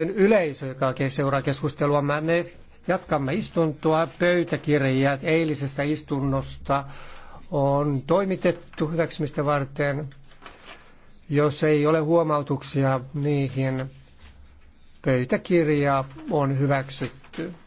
yleisö, joka seuraa keskustelua. Me jatkamme istuntoa. Pöytäkirjat eilisestä istunnosta on toimitettu hyväksymistä varten. Jos ei ole huomautuksia niihin, pöytäkirja on hyväksytty.